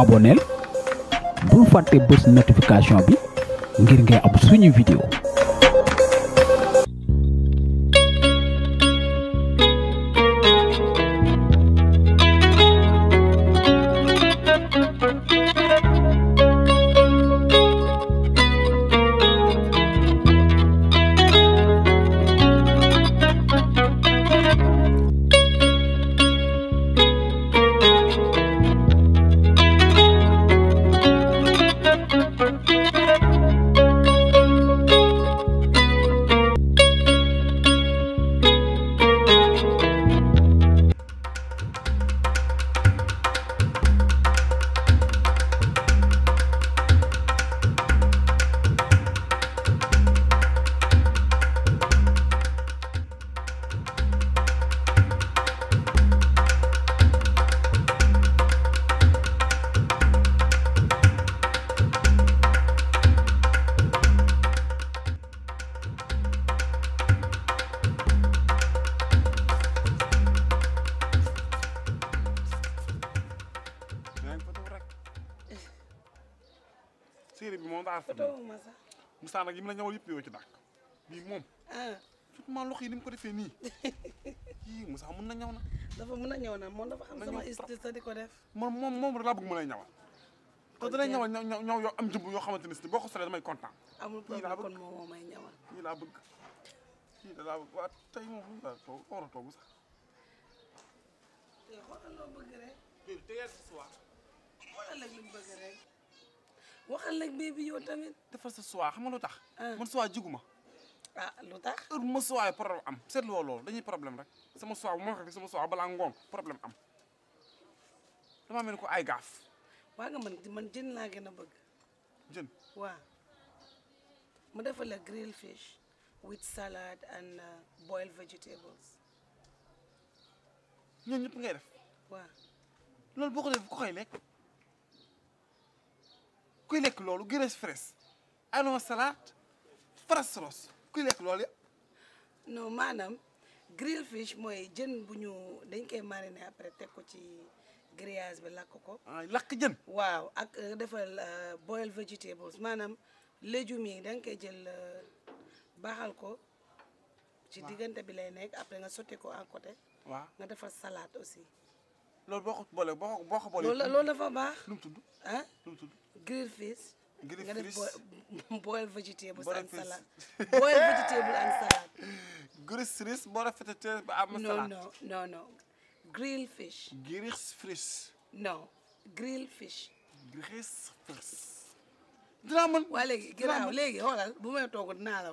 aboneel bul fàtte bës notification bi ngir ngay am suñu vidéo séeréer bi moom daal. foto wu ma sax. Moussa nag yi mu la ñëwal yëpp yow ci dàq. bii moom. Ah. surtout man loxo yi ni mu ko defee nii. yii Moussa mun na ñaw na. dafa mun a ñaw na moom dafa xam sama style sa di ko def. moom moom moom rek laa bëgg mën a ñawal. kon dinañ ñawal ñaw ñaw yoo am jëmb yoo xamante ne si boo ko solee damay kontaan. amul problème kon moom may ñawal. yii laa bëgg yii moom mu laa toog war a toog sax. te xoolal loo bëgg rek. te xoolal ak li rek. waxal nag bébé yow tamit. dafa sa soie xam nga lu tax. Ah. man soie jiguma ah lu tax. heure bu ma soie problème am seetluwoo loolu dañuy problème rek sama soie bu ma waxee sama soie balaa ngoon problème am damaa mel ni ko ay gaaf. waa nga man man jën laa gën a bëgg. jën waaw. mu defal la grilled fish with salad and uh, boiled vegetables. ñooñu ñëpp ngay def. waaw loolu boo ko defee ko koy lekk. kuy lekk loolu grèce fraîche anon salade farce rosse kuy lekk loolu non maanaam grill fish mooy jën bu ñu dañ koy mariner après teg ko ci grillage bi lakk ko ah, lakk jën waaw ak euh, defal euh, boil vegetables maanaam légumes yi da koy jël euh, baaxal ko ci diggante bi lay nekk après nga sotti ko en côté waaw nga defal salaat aussi loolu boo ko boole boo dafa baax lu tudd grill fish. grill fish and salad. bool vegetable and salad. grill fish boo rafetee ba am salad. non non non non grill fish. grill fish. waaw léegi ginnaaw léegi xoolal bu may toogu dinaa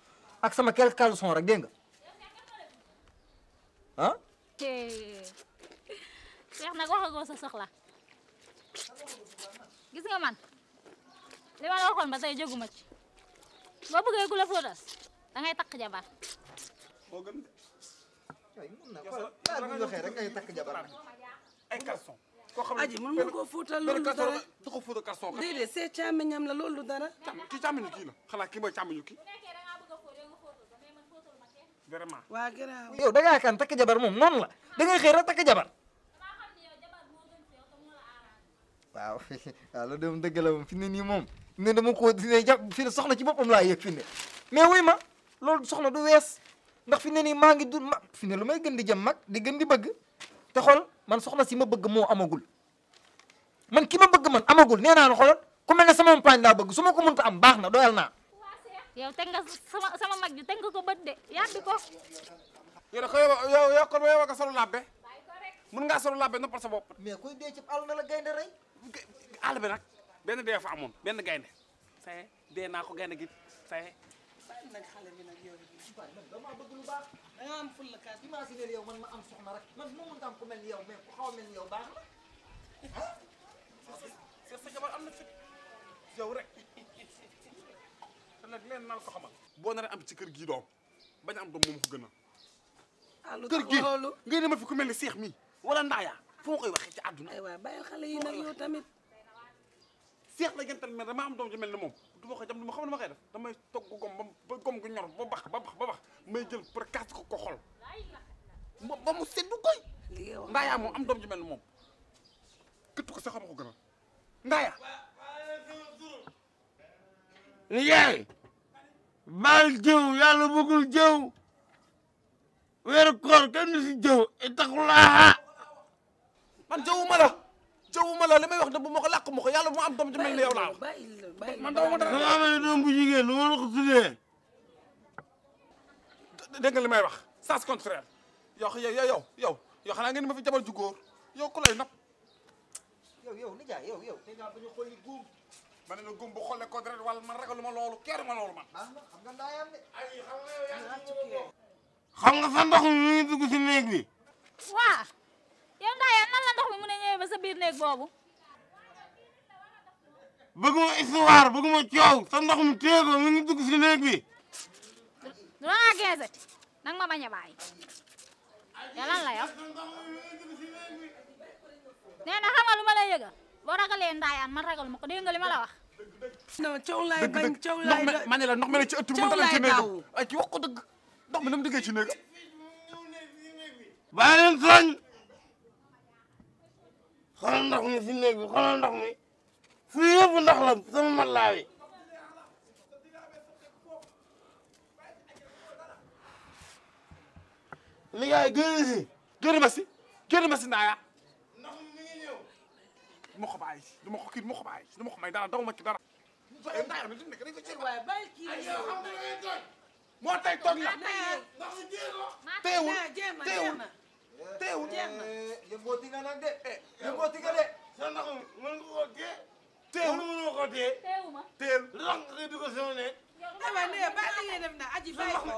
ak sama quel quelques son rek dégg nga ah. Cheikh nag waxagoo sa soxla gis nga man li ma waxon ba tay joguma ci bo bëggee ku la fóotas da ngay tak jabar. moo gën de. waaye mën na ko la bu ñu waxee rek ngay tak jabar ay caleçon. koo xam aji mën nga ko fóotal loolu dara benn ko foto carton. Dede, c'est càmmiñam la loolu dara. càmm kii ki la Xala ki mo càmmiñu ki? vraiment waa garaaw yow iya, da ngaa kan tak jabar moom noonu la da ngay xëy rek takk jabar waaw waaw loolu de moom la moom fi ne nii ne dama ko ne jàpp fi soxna ci boppam laa yëg fi ne mais wuy ma soxna du ndax fi ne ngi du fi ne gën di jëm di gën di bëgg te man soxna si ma bëgg moo amagul man ki bëgg man amagul nee la nah, xoolal ku mel sama bëgg ko mënta am doyal yow teg nga sama sama mag ju teg nga ko bët de yàbbi ko. yow da ko yow yow kon nga solo labbe mun ngaa solo labbe noppal sa bopp. kuy dee ci àll na la gaynde rey. àll bi nag benn dee fa amoon benn gaynde sa dee naa ko gaynde gi sa bàyyi nag xale bi nag da nga am ful man ma am soxna rek man mu mënta am ku mel ni yow mais ku xaw a mel ni yow baax na nag leen naan ko boo naree am ci kër gii doom bañ am doom moom ko gën ah, a. ah kër gii ngay dema fi ku mel ni seex mi wala ndaaya foo koy waxee ci àdduna. aywa bàyyi xale yi nag yow tamit. seex la gental mel ma am doom ju mel ni moom du ma ko jam du ma xam ne ma koy def damay togg gom ba gom gu ñor ba bax ba bax ba bax may jël pour kaas ko ko xol ba mu seddu koy. ndaaya moom am doom ji mel ni moom këtt ko sax ma ko ndaaya. ni baal jëw yàlla bëggul jëw weeru koor kenn du si jëw ittaqullaaha man jëwuma la jëwuma la li may wax ne bu ma ko làkk ma ko yàlla bu ma am doom ju mel ni yow laa wax man dama amee doom bu jigéen lu ma ko tuddee dégg nga li may wax sens contraire yow yow yow yow yow xanaa ngeen ma fi jabar ju yow yow yow yow yow ma ne la gum ko deret wala man ragalu ma loolu ma loolu man. xam nga ndaayam de. ay xam nga yow yaa ngi ko xam nga sa ndox mi dugg si néeg bi. waaw yow nan la ndox mi mën a ba sa biir bëgguma bëgguma sa ndox mi mi ngi dugg bi. ma ya lan la yow. nee na xamal lu ya. ma non coow laay bañ coow laay ma ne la ndox ci ëttu mënta la ci néegam ay ci wax ko dëgg ndox mi na mu duggee ci néegam bàyyi leen sañ xoolal ndox mi si sama mat laa wi li gaay si génn ma si génn ma si naaya ma ko bàyyi du ma ko kii du ma ko bàyyi du ma ko may dara daw ma ci dara. waaye ndax yow nekk dañ ko ci waaye bàyyi kii la yow xam nga ngay toj. moo tey toj la. ndax su jéem a. teewul teewul teewul. yëngoo ti nga nag de. yëngoo ti nga de. sa ndox mën nga koo dee. teewul mën nga koo dee. teewul ma teewul. lu tax nga koy dugal sama ne. aywa ne bàyyi li ngeen def na aji bàyyi ko.